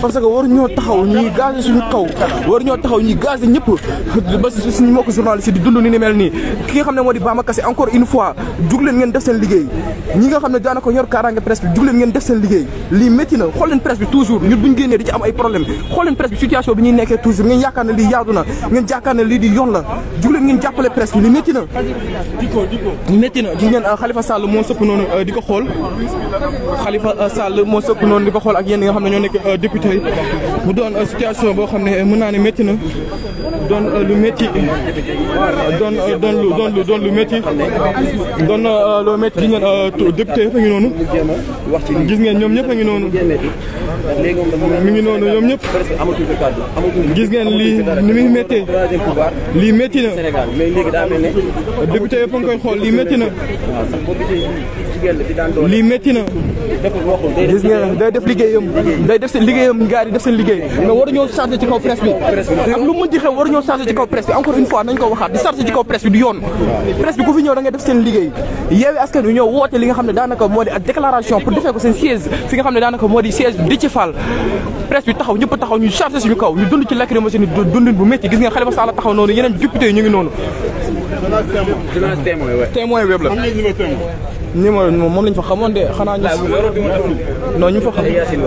parce que war ñoo taxaw ñuy gazé suñu kaw war ñoo taxaw ñuy gazé ñëpp ba suñu mbokk journaliste di dund ni ni mel nii ki nga xam ne moo di Bamba Kassé encore une fois jug ngeen def seen liggéey ñi nga xam ne daanaka ñor kaaraange presse bi ngeen def seen liggéey lii métti na xool leen presse bi toujours ñun buñ génnee di ci am ay problème xool leen presse bi situation bi ñuy nekkee toujours ngeen yaakaar na lii di na ngeen ah, Khalifa oto yi mu doon euh, situation boo xam ne euh, mën naa ne métti na doon euh, lu metti doon doon lu doon lu doon lu métti doon lu métti gis ngeen député yëpp a ngi noonu gis ngeen ñoom ñëpp a ngi noonu mi ngi noonu ñoom ñëpp gis ngeen lii ni muy méttee lii métti na député yëpp a ngi koy xool lii métti na lii métti na day def liggéeyam day def seen liggéeyam gars def seen liggéey mais waruñoo chargé ci ci kaw presse du yoon presse ku fi ñëw da def seen liggéey yeewi askan wi ñëw woote li nga xam ne daanaka moo di ak déclaration pour defee ko seen siège fi nga xam ne daanaka moo di siège di ci fal presse taxaw ñëpp taxaw ñu chargé suñu kaw ñu dund ci lacrymogène ni dundin bu métti gis ngeen Khalifa Sall taxaw noonu yeneen député ñu ngi loolu moom moom lañ fa xamoon de xanaa ñu. non fa xam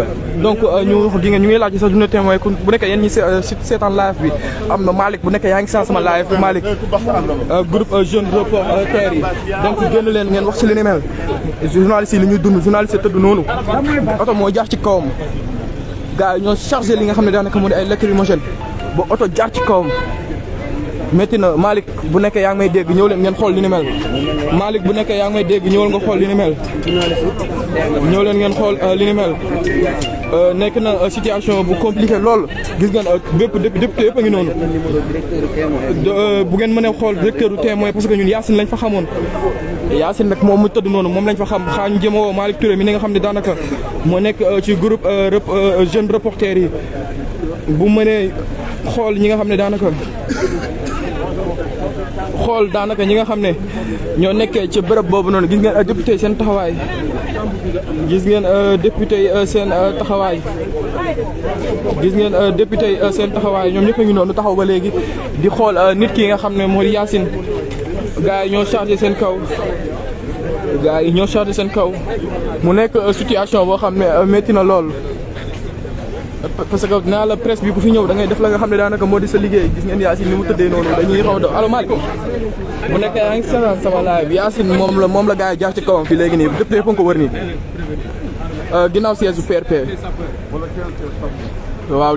donc euh, ñu wax gi nga ñu ngi laaj sax du ne bu nekk yéen ñi euh, seetaan live bi am na bu nekk yaa ngi seen sama live bi Malick euh, groupe jeune reporter yi donc génn ngeen wax ci li ni journaliste journaliste yi noonu oto moo jaar ci kawam gars ñoo chargé li nga xam ne daanaka moo di ay lacrymogène ba oto jaar ci kawam métti na Malick bu nekkee yaa ngi may dégg ñëw leen ngeen xool li ni mel Malick bu nekkee yaa ngi ñëwal nga xool li ni mel ñëw leen ngeen xool euh, li ni mel euh, nekk na euh, situation bu compliquée lool gis ngeen bépp député yëpp a ngi noonu bu ngeen mënee xool directeur du témoin parce que ñun Yacine lañ fa xamoon Yacine nag moom mu tëdd noonu moom lañ fa xam xaa ñu jëmoo Malick Touré mi ni nga xam ne daanaka moo nekk ci group jeune reporter yi bu mënee xool ñi nga xam ne daanaka xool daanaka ñi nga xam ne ñoo nekkee ci bërëb boobu noonu gis ngeen euh, député seen taxawaay gis ngeen euh, député euh, seen taxawaay gis ngeen député seen taxawaay ñoom ñëpp a ngi noonu taxaw ba léegi di xool a nit ki nga xam ne mooy Yacine gars yi ñoo chargé seen kaw gaa yi ñoo chargé seen kaw mu nekk situation boo xam ne métti na lool. parce que naa la presse bi ku fi ñëw da ngay def la nga xam ne daanaka moo di sa liggéey gis ngeen Yacine ni mu tëddee noonu dañuy xaw a daw allo bi Yacine moom la moom la gars yi jaar ci kawam fii léegi nii député yëpp a ko wër nii euh, ginnaaw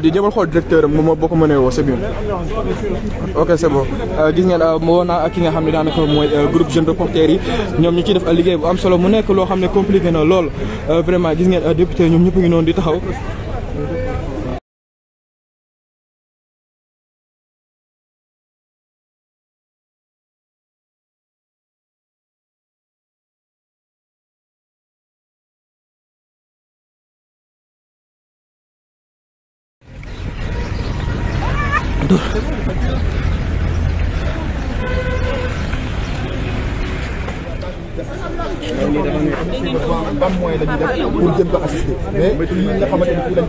di jëmal xool directeur am moom boo ko mënee woo c'est bien ok c'est bon euh, gis ngeen mu euh, ki nga xam ne daanaka mooy groupe jeune reporter yi ñoom ñu ciy def liggéey bu am solo mu nekk loo xam ne compliqué na lool vraiment gis ngeen député ñoom ñëpp ngi noonu di taxaw félicité mais ñi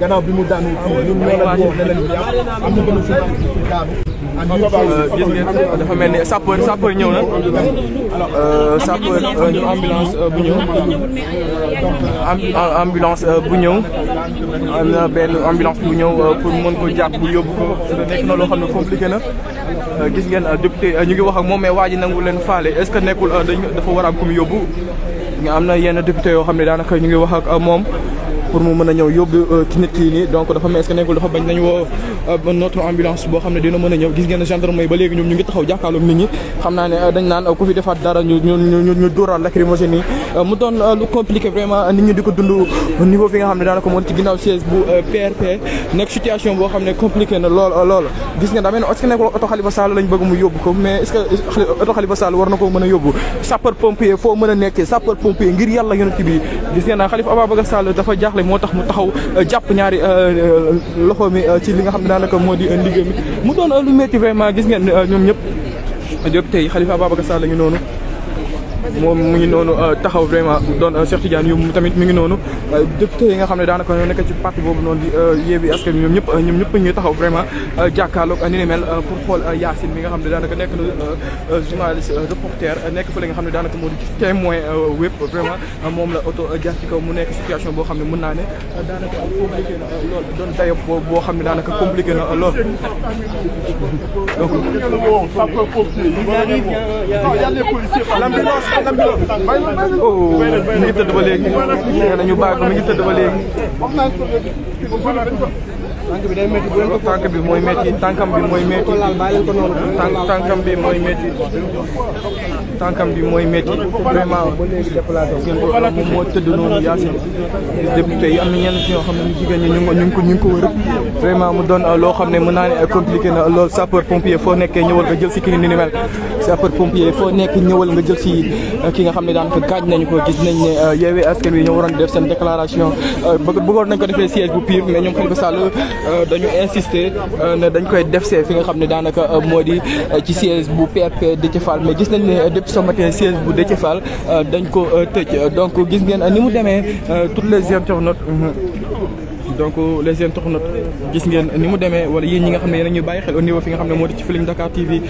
nga bi mu daanu ñun ñoo leen ne leen bi am na benn journaliste daanu ah, euh, dafa mel ni sapeur sapeur ñëw na euh, sapeur euh, ñu ambulance bu ñëw ambulance bu ñëw a na benn ambulance bu ñëw pour mën ko jàpp yóbbu ko nekk na loo xam ne compliqué na gis ngeen député ñu ngi wax ak moom mais waa ji nangu leen faale est-ce que nekkul dañ dafa war a kum yóbbu am na yenn député yoo xam ne daanaka ñu ngi wax ak moom pour mu mën a ñëw yóbbu ki euh, nit kii nii donc dafa mel est nekkul dafa bañ nañ euh, notre ambulance boo xam ne dina mën a ñëw gis ngeen gendarmerie ba léegi ñu ngi taxaw jàkkaarloog nit ñi mu doon euh, lu compliqué vraiment nit ñi di ko dund niveau fi nga xam ne daanaka moo ci ginnaaw siège bu PRP nekk situation boo xam ne compliqué na lool lool gis nga daa mel nekkul oto Khalifa Sall lañ bëgg mu yóbbu ko mais est oto Khalifa Sall war na ko mën a a moo tax mu taxaw euh, jàpp ñaari euh, euh, loxo mi ci li nga xam ne daanaka moo di liggéey mi mu doon lu métti vraiment gis ngeen ñoom ñëpp député yi Khalifa Ababacar Sall la ñu noonu moom mu ngi noonu euh, taxaw vraiment doon euh, Cheikh Tidiane Youm tamit mi ngi noonu euh, député yi nga xam ne daanaka ñoo nekk ci parti boobu noonu di Yewwi Askan Wi ñoom ñëpp ñoom ñëpp ñu taxaw vraiment jàkkaarloog ni ne mel pour xool Yacine mi nga xam ne daanaka nekk na journaliste reporter nekk fële nga xam ne daanaka moo di témoin web vraiment moom la oto jaar ci kaw mu nekk situation boo xam ne mën naa ne daanaka compliqué na lool doon dayo boo xam ne Oh, mi ngi tëdd ba léegi. nee na ñu bàyyi ko mi ngi tëdd ba léegi. tànk bi day métti bu leen ko tànk bi mooy métti tànkam bi mooy métti tànkam bi mooy métti tànkam bi mooy métti vraiment ngeen ko moom moo tëdd noonu Yacine député yi am na ñenn ñoo xam ne ñu jigéen ñi ñu ngi ko ñu ngi ko wër vraiment mu doon euh, loo xam ne mën naa ne euh, compliqué na lool sapeur pompier foo nekkee ñëwal nga jël si ki ni mel sapeur pompier foo nekk ñëwal nga jël si euh, ki nga xam ne daanaka gaañ nañu ko gis nañ ne yeewee askan wi ñoo waroon def seen déclaration bëggoon nañ ko defee siège bu pire mais ñoom Khalifa Sall Euh, dañu insister euh, ne dañ koy def see fi nga xam ne daanaka euh, moo di ci siège bu peer PRP Déthié Fall mais gis nañ ne depuis ce matin siège bu Déthié Fall dañ ko tëj donc gis ngeen ni mu demee toutes les internautes mm-hmm. donc les internautes gis ngeen ni mu demee wala yéen ñi nga xam ne yéen ñuy bàyyi xel au niveau fi nga xam ne moo di ci Feeling Dakar TV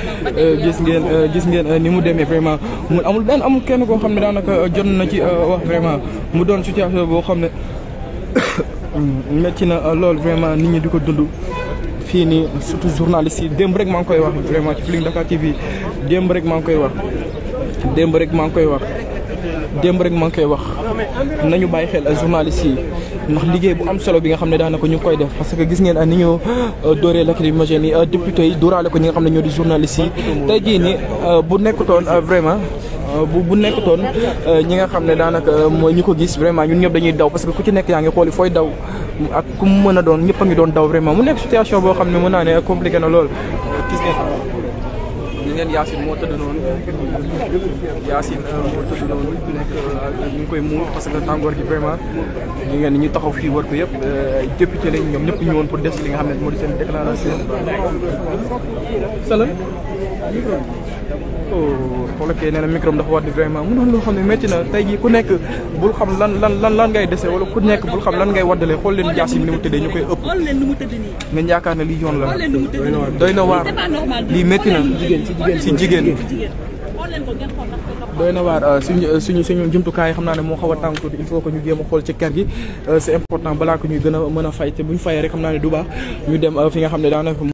gis ngeen gis ngeen ni mu demee vraiment mu amul benn amul kenn koo xam ne daanaka jot na ci wax vraiment mu doon situation boo xam ne. métti mm, na euh, loolu vraiment nit ñi di ko dund fii nii surtout journaliste yi démb rek maa ngi koy wax vraiment ci Feeling Dakar TV démb rek maa ngi koy wax démb rek maa ngi koy wax. démb rek maa ngi koy wax nañu bàyyi xel ak journalistes yi ndax liggéey bu am solo bi nga xam ne daanaka ñu koy def parce que gis ngeen ni ñu euh, dooree lacrymogène yi euh, député yi ko ñi nga xam ne ñoo di journalistes yi tey jii ni euh, bu nekkutoon vraiment bu bu nekkutoon ñi nga xam ne daanaka mooy ñi ko gis vraiment ñun ñëpp dañuy daw parce que ku ci nekk yaa ngi xooli fooy daw ak ku mën a doon ñëpp a ngi doon daw vraiment mu nekk situation boo xam ne mën naa ne compliqué na lool ñu leen moo tëdd noonu Yacine euh, moo tëdd noonu nekk ñu euh, ngi koy muur parce que tàngoor gi vraiment ñu ngeen ñu taxaw fii war ko yëpp ay euh, député lañ ñoom ñëpp ñu woon pour def li nga xam ne moo di seen déclaration. salaam. Oh, xoolal kay nee na micro dafa war di vraiment mu doon loo xam ne métti na tey jii ku nekk bul xam lan lan lan lan ngay dese wala ku nekk bul xam lan ngay waddalee xool leen jaas yi ni mu tëddee ñu koy ëpp. nga yaakaar ne lii yoon la. doy na waar lii métti na si jigéen doy na waar euh, suñu euh, suñu suñu jumtukaay yi xam naa ne moo xaw a tàng tuuti il faut que ñu jéem a xool ci kër gi euh, c'est important balaa ko ñuy gën a mën a fay te bu ñu fayee rek xam naa ne du baax ñu dem fi nga xam ne daanaka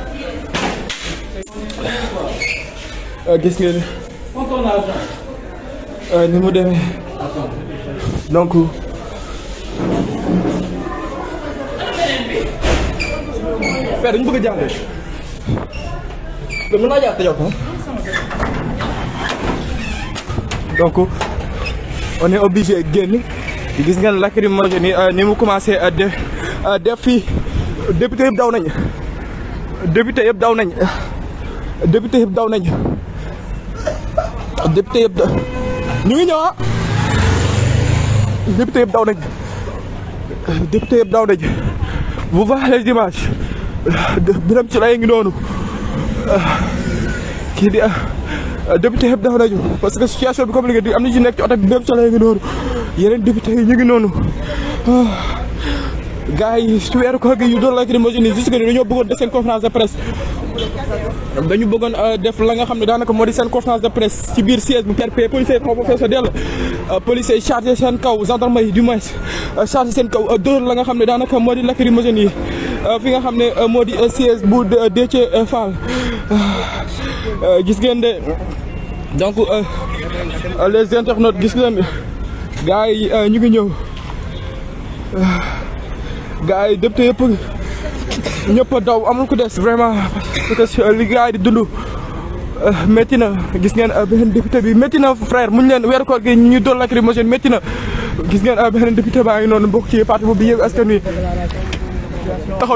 Euh, gis ngeen euh, ni mu deme donc père dañu bëgg a jàngee mën naa jàpp yow donc on est obligé génn gis ngeen lacrymogène ni euh, ni mu commencé def def fii député yëpp daw nañ député yëpp daw nañ député yëpp daw nañ député yëpp da ñu ngi ñëwa ah. député yëpp daw nañ député yëpp daw nañ vous voyez les images Birame Souleye ngi noonu kii di député yëpp daw nañu parce que situation bi compliquée di am na ci nekk ci oto bi Birame Souleye ngi noonu yeneen député yi ñu ngi noonu gars yi ci weeru koor gi yu doon la lacrymogène gis nga ni dañoo bëggoon def conférence de presse ñoom dañu bëggoon euh, def la nga xam ne daanaka moo di seen conférence de presse ci biir siège bu PRP policier xaw ma fees dell euh, policier chargé seen kaw gendarmerie du moins euh, chargé seen kaw dóor la nga xam ne daanaka moo di lacrymogène yi fi nga xam ne moo di siège bu Déthié Fall gis ngeen de donc les internautes gis ngeen gars yi ñu ngi ñëw gars yi député yëpp ñëpp a daw amul ku des vraiment parce que euh, li gars yi di dund euh, métti na gis ngeen euh, beneen député bi métti na frère muñ leen weeru koor gi ñu doon lacrymogène métti na gis ngeen beneen député baa ngi noonu bokk ci parti boobu Yewwi Askan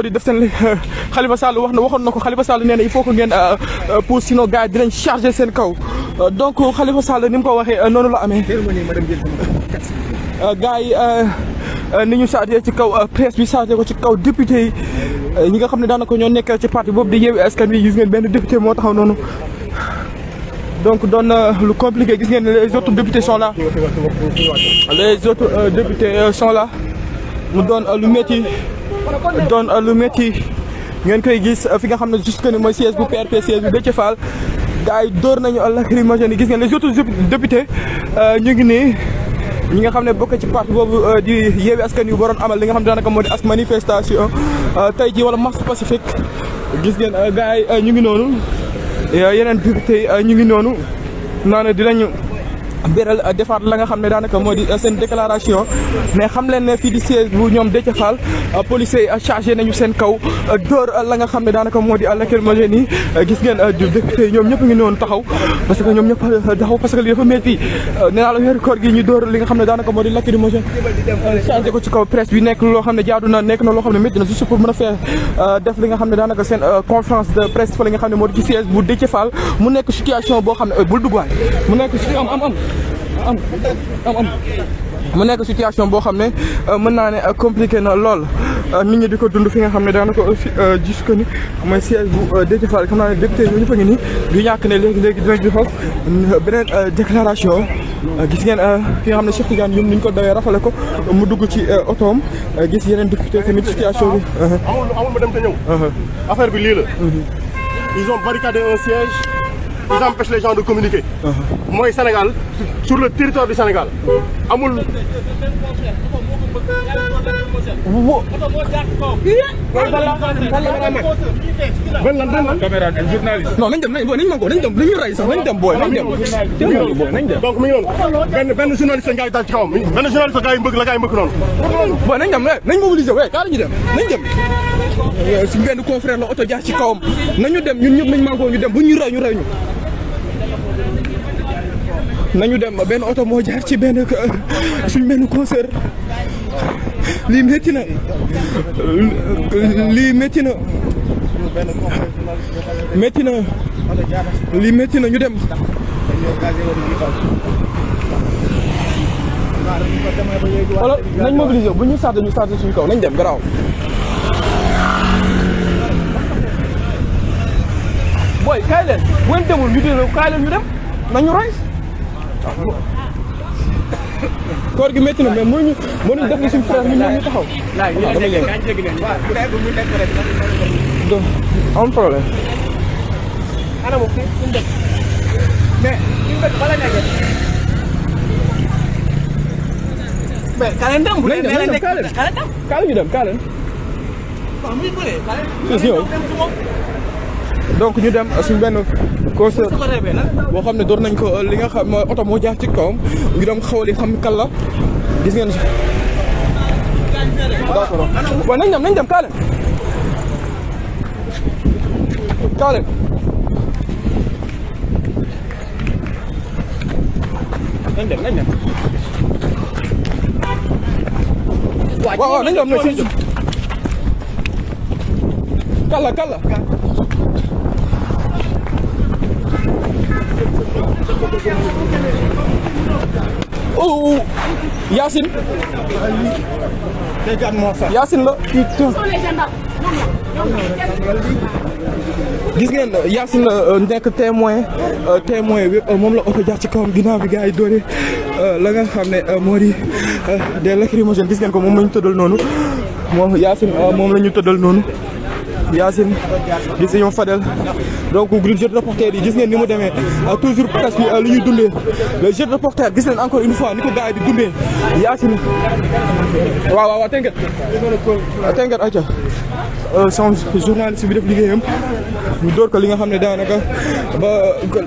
di def seen Khalifa Sall wax na waxoon na ko Khalifa Sall nee na il faut que ngeen pour sinon gars yi dinañ charger seen kaw donc Khalifa Sall ni mu ko waxee noonu la amee gars yi ni ñu chargé ci kaw presse bi chargé ko ci kaw député yi Euh, ñi nga xam ne daanaka ñoo nekkee ci parti boobu di yeewi askan wi gis ngeen benn député moo taxaw noonu donc doon na lu compliqué gis ngeen les autres députés sont là les autres euh, députés euh, sont là mu doon lu métti doon lu métti ngeen koy gis fi nga xam ne jusque ni mooy siège bu PRP siège bu Déthié Fall gars yi dóor nañu lacrymogène gis ngeen les autres députés ñu ngi nii. ñi nga xam ne bokk ci parti boobu euh, di yeewi askan yu waroon amal li nga xam ne daanaka moo di as manifestation euh, tey ji wala marche pacifique gis ngeen euh, gars yi ñu ngi noonu yeneen député ñu ngi noonu naan dinañu biral euh, defaat la nga xam ne daanaka moo di euh, seen déclaration mais xam leen ne fii di siège bu ñoom Déthié Fall euh, policiers yi chargé nañu seen kaw dóor la nga xam ne daanaka moo di lacrymogène yi gis ngeen député yi ñoom ñëpp ngi noonu taxaw parce que ñoom ñëpp taxaw parce que li dafa métti nga xam ne daanaka moo di lacrymogène chargé ko ci kaw presse bi nekk loo xam ne jaadu na nekk na loo xam ne métti na juste pour mën a fee def li nga xam ne daanaka seen conférence de presse fa li nga xam ne moo di ci siège bu Déthié Fall mu nekk situation boo xam ne bul am am am mu nekk situation boo xam ne euh, mën naa ne euh, compliqué na lool euh, nit ñu di ko dund fi nga xam ne daanaka fi gis ko ni mooy siège bu Déthié Fall xam naa ne député yooyu ñëpp a ngi nii du ñàkk ne léegi léegi dinañ di xool beneen déclaration gis ngeen fi nga xam ne Cheikh Tidiane ñun ko dawee rafale ko mu dugg ci otoom gis yeneen député tamit situation bi. amul ma dem te ñëw. Uh-huh. affaire bi lii la. Uh-huh. exemple empêchent les de communiquer. Uh-huh. mooy Sénégal sur le territoire du Sénégal amul. wo. non nañ dem nañ booy nañ mën koo nañ dem nañu ray sax dem booy nañ dem. benn benn journaliste gars ci kawam benn journaliste gars mbëkk la gars mbëkk noonu. booy nañ dem nañ mobiliser waaye kaara ñu dem nañ dem. suñ benn confrère la oto jaar ci kawam nañu dem ñun ñëpp ñu dem bu ñu ray ñu ray ñu. nañu dem benn oto moo jaar ci benn suñ benn concert lii métti na lii métti na métti na lii métti na ñu dem. alors nañ mobiliser bu ñu saata ñu saata suñu kaw nañ dem garaaw. koor gi métti na mais mënuñu mënuñu def li suñu frère taxaw. waaw dama yegg donc am problème. mais kaale ndam bu dee kaale kaale kaale ñu dem kaale. waaw muy bëre kaale. donc ñu dem suñ benn concert boo xam ne door nañ ko li nga xam oto moo jaar ci kawam ñu dem xawali xam kan gis ngeen si d'accord waaw nañ dem nañ dem kaa leen nañ dem nañ dem waaw waaw nañ dem kala kala Oh, oh, oh Yacine. Yacine la. gis ngeen Yacine la euh, nekk témoin euh, témoin bi euh, moom la oto ci kawam ginnaaw bi gars yi doole la nga xam ne moo di des lacrymogènes gis ngeen ko moom la ñu tëddal noonu moom Yacine moom la tëddal noonu Yacine gis ñoom Fadel. donc groupe jeune reporter yi gis ngeen ni mu demee euh, toujours presse bi euh, li ñuy dundee les jeunes reporters gis ngeen encore une fois ni ko gars yi di dundee Yacine waaw waaw waaw tënket euh, tënket aca son journaliste bi def liggéeyam door ko li nga xam ne daanaka ba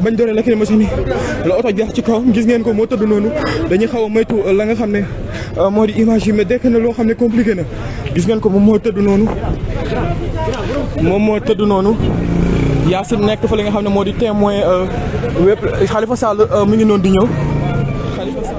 bañ dooree la kene machine yi la oto jaax ci kaw gis ngeen ko moo tëdd noonu dañuy xaw a moytu la nga xam ne moo di image yi mais dekk na loo xam ne compliqué na gis ngeen ko moom moo tëdd noonu moom moo tëdd noonu Yacine nekk fa li nga xam ne moo di témoin euh, wépp Khalifa Sall euh, mi ngi noonu di ñëw Khalifa Sall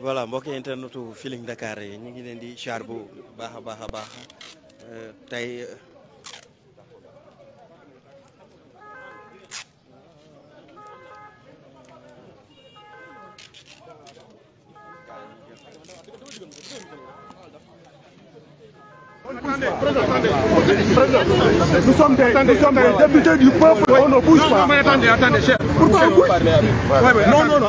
voilà mbokk internetu Feeling Dakar yi ñu ngi leen di char bu baax a baax a baax euh, tey Nous sommes des, nous sommes des députés du peuple, on ne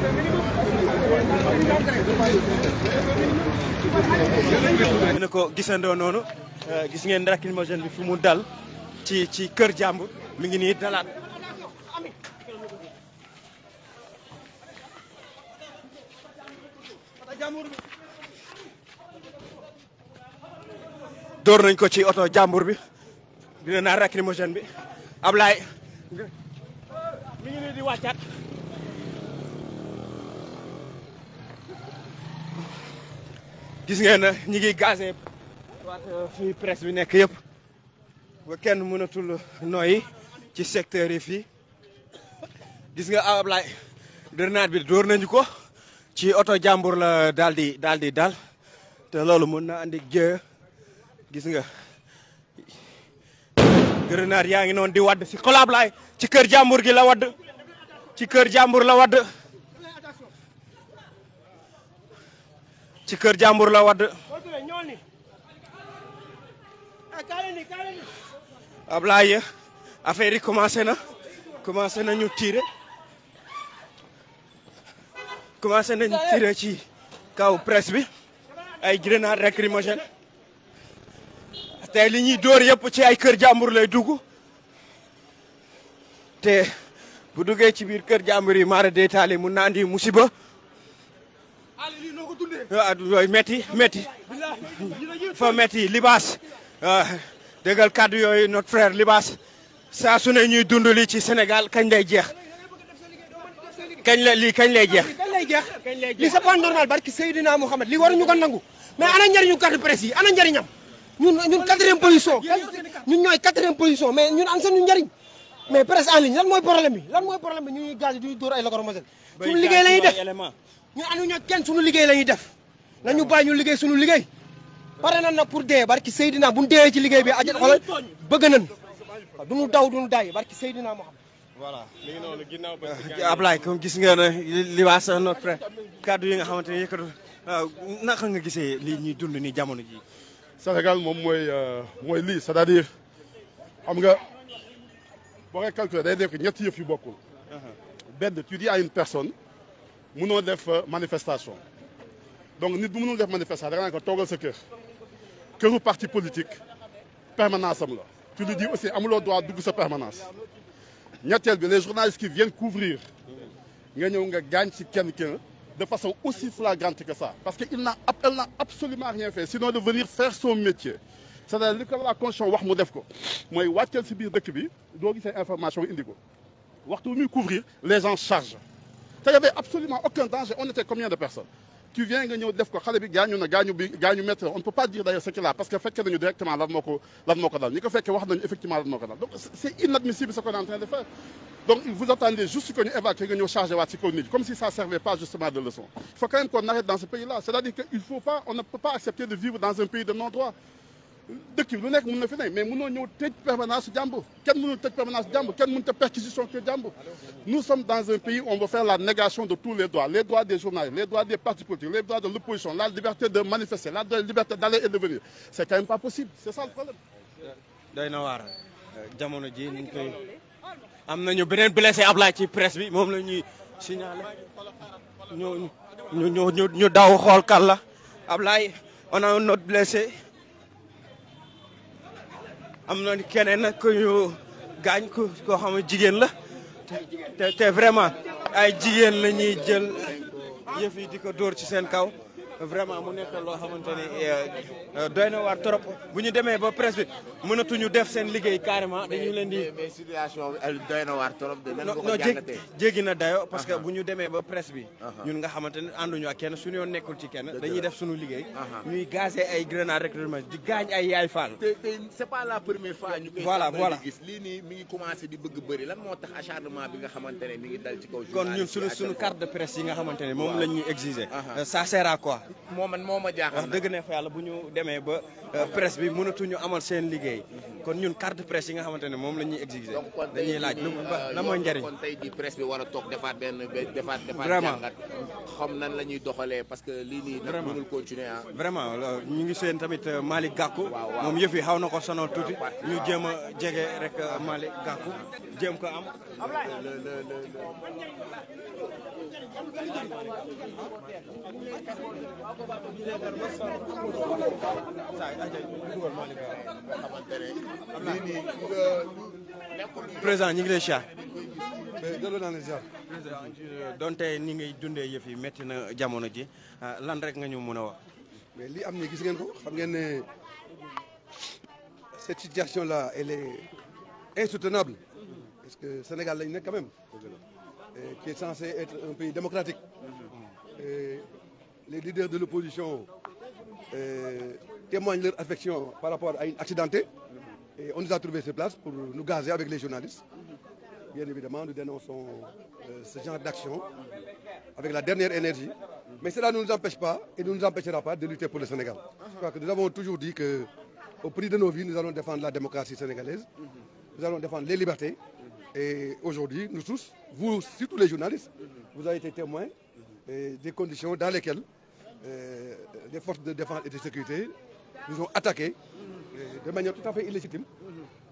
ne ko gisandoo noonu euh, gis ngeen lacrymogène bi fu mu dal ci ci kër jàmbur mi ngi nii dalaat dóor nañ ko ci oto jàmbur bi dina naan lacrymogène bi Ablaye mi gis nga na ñi ngi gazé waat euh, fii bi nekk yëpp ba kenn mënatul nooyi ci secteur yi fii gis nga ah, Ablaye grenade bi dóor nañu ko ci oto jàmbur la daal di dal di daal te loolu mën na andi jë gis nga grenade yaa ngi noonu di wadd si xol ci kër jàmbur gi la wadd ci kër jàmbur la wadd ci kër jàmbur la wadd Ablaye affaire yi commencé na commencé nañu tirer commencé nañu tirer ci kaw presse bi ay grenade lacrymogène tey li ñuy dóor yépp ci ay kër jàmbur lay dugg te bu duggee ci biir kër jàmbur yi maara dee taali mun na andi musiba Ah, metti metti fa metti libaas ah, déggal kàddu yooyu notre frère libaas saa ñuy dund lii ci Sénégal kañ lay jeex kañ la lii kañ lay jeex kañ lay jeex lii c'est pas normal barki Seydina Mouhamed lii waruñu ko nangu mais ana njëriñu carte presse yi ana njëriñam ñun ñun quatrième position ñun ñooy quatrième position mais ñun am seen njëriñ mais presse en ligne lan mooy problème lan mooy problème bi ñuy gaz yi duñu dóor ay lacrymogène suñu liggéey lañuy def ñu ànduñu ak kenn suñu liggéey la ñuy def nañu bàyyi ñu liggéey suñu liggéey pare nan nag pour dee barki Seydina bu nu deewee ci liggéey bi ajat xoolal bëgg nañ du ñu daw du ñu daay barki Seydina moo xam voilà léegi noonu ginnaaw ba gis nga ne li waa notre frère kàddu yi nga xamante ne yëkkatu na nga gisee lii ñuy dund nii jamono ji Sénégal moom mooy euh, mooy lii c'est-à-dire xam nga boo koy calculer day nekk ñetti yëf yu bokkul uh-huh. benn tu dis à une personne mënoo def euh, manifestation donc nit bu mënul def manifestation da nga ko toogal sa kër këru parti politique permanence am la tu lui dis aussi amuloo droit dugg sa permanence ñetteel bi les journalistes qui viennent couvrir nga ñëw nga gaañ ci quelqu'un de façon aussi flagrante que ça parce que il n'a elle n'a absolument rien fait sinon de venir faire son métier cest à li ko la constitution wax mu def ko mooy wàcceel ci biir dëkk bi doo gisee information indi ko waxtu muy les gens chargent te y absolument aucun danger on était combien de personnes tu viens nga ñëw def ko xale bi gaañu na on ne peut pas dire ce qu'il a parce que fekke nañu directement lan moo ko lan moo ko dal ñi donc c'est inadmissible ce qu'on est en train de faire donc vous attendez juste que ñu évacuer chargé waat ci kaw nit comme si ça servait pas justement de leçon il faut quand même qu'on arrête dans ce pays là cest à dëkk nekk mun na fi ne mais mënoo ñëw tëj permanence jàmbur kenn mënul tëj permanence jàmbur kenn mënut a perquisition kër jàmbur nous sommes dans un pays on veut faire la négation de tous les droits les droits des journalistes les droits des partis politiques les droits de l'opposition la liberté de manifester la liberté d'aller et de c'est quand même pas possible c'est ça le problème doy na waar jamono ji la ñuy signaler ñu a am na keneen ku ñu gaañ ku koo xam ne jigéen la te vraiment ay jigéen la ñuy jël yëf yi di ko dóor ci seen kaw vraiment mu nekk loo xamante ni euh, doy na waar trop bu ñu demee ba presse bi mënatuñu def seen liggéey carrément dañu leen di. mais situation bi doy na waar trop. de même na dayo parce que uh-huh. bu ñu demee ba presse bi. Uh-huh. ñun nga xamante ne ànduñu ak kenn suñu yoon nekkul ci kenn. dañuy def suñu liggéey. Uh-huh. ñuy gazé ay grenade recrutement di gaañ ay yaay faal. te te c'est la première fois. ñu koy lii nii mi ngi commencé di bëgg bëri lan moo tax acharnement bi nga xamante ne mi ngi dal ci kaw. kon ñun suñu suñu carte de presse yi nga xamante ne moom lañ ñu exiger. Euh, ça sert moo man moo ma jaaxal. dëgg ne fa yàlla bu ñu demee ba. Euh, presse bi mënatuñu amal seen liggéey kon ñun carte presse yi nga xamante ne moom la ñuy exiger dañuy laaj lu la euh, mooy njëriñ kon tey di presse bi war a toog defaat benn defaat defaat jàngat xam nan la ñuy doxalee parce que lii nii nag mënul continuer ah vraiment euh, ñu ngi seen tamit Malick Gakou moom yëf yi xaw na ko sonal tuuti ñu jéem a jege rek Malick Gakou jéem ko am président ñu ngi lay siyaar. delloo naa leen siyaar. donte ni ngay dundee yëf yi métti na jamono ji ah, lan rek nga ñu mën a wax. mais li am ni gis ngeen ko xam ngeen ne cette situation là elle est insoutenable parce que Sénégal lañ nekk quand même. Et qui est censé être un pays démocratique. Et les leaders de l'opposition. témoignent leur affection par rapport à une accidentée. Et on nous a trouvé sur place pour nous gazer avec les journalistes. Bien évidemment, nous dénonçons euh, ce genre d'action avec la dernière énergie. Mais cela ne nous empêche pas et ne nous empêchera pas de lutter pour le Sénégal. Je crois que nous avons toujours dit que, au prix de nos vies, nous allons défendre la démocratie sénégalaise, nous allons défendre les libertés. Et aujourd'hui, nous tous, vous, surtout les journalistes, vous avez nous ont attaqués euh, de manière tout à fait illégitime.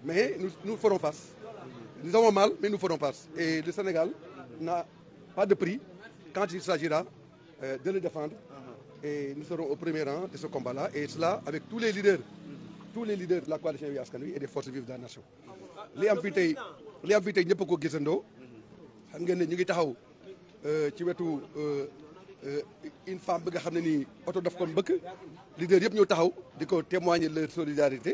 Mais nous, nous ferons face. Nous avons mal, mais nous ferons face. Et le Sénégal n'a pas de prix quand il s'agira euh, de le défendre. Et nous serons au premier rang de ce combat-là. Et cela avec tous les leaders, tous les leaders de la coalition Yewwi Askan Wi et des forces vives de la nation. li am fii tey li am fii tey ñëpp a ko gisandoo. xam ne ñu ngi taxaw euh, ci Euh, une femme bi nga xam ne nii oto daf kon mbëkk leader yëpp ñëw taxaw di ko témoigner leur solidarité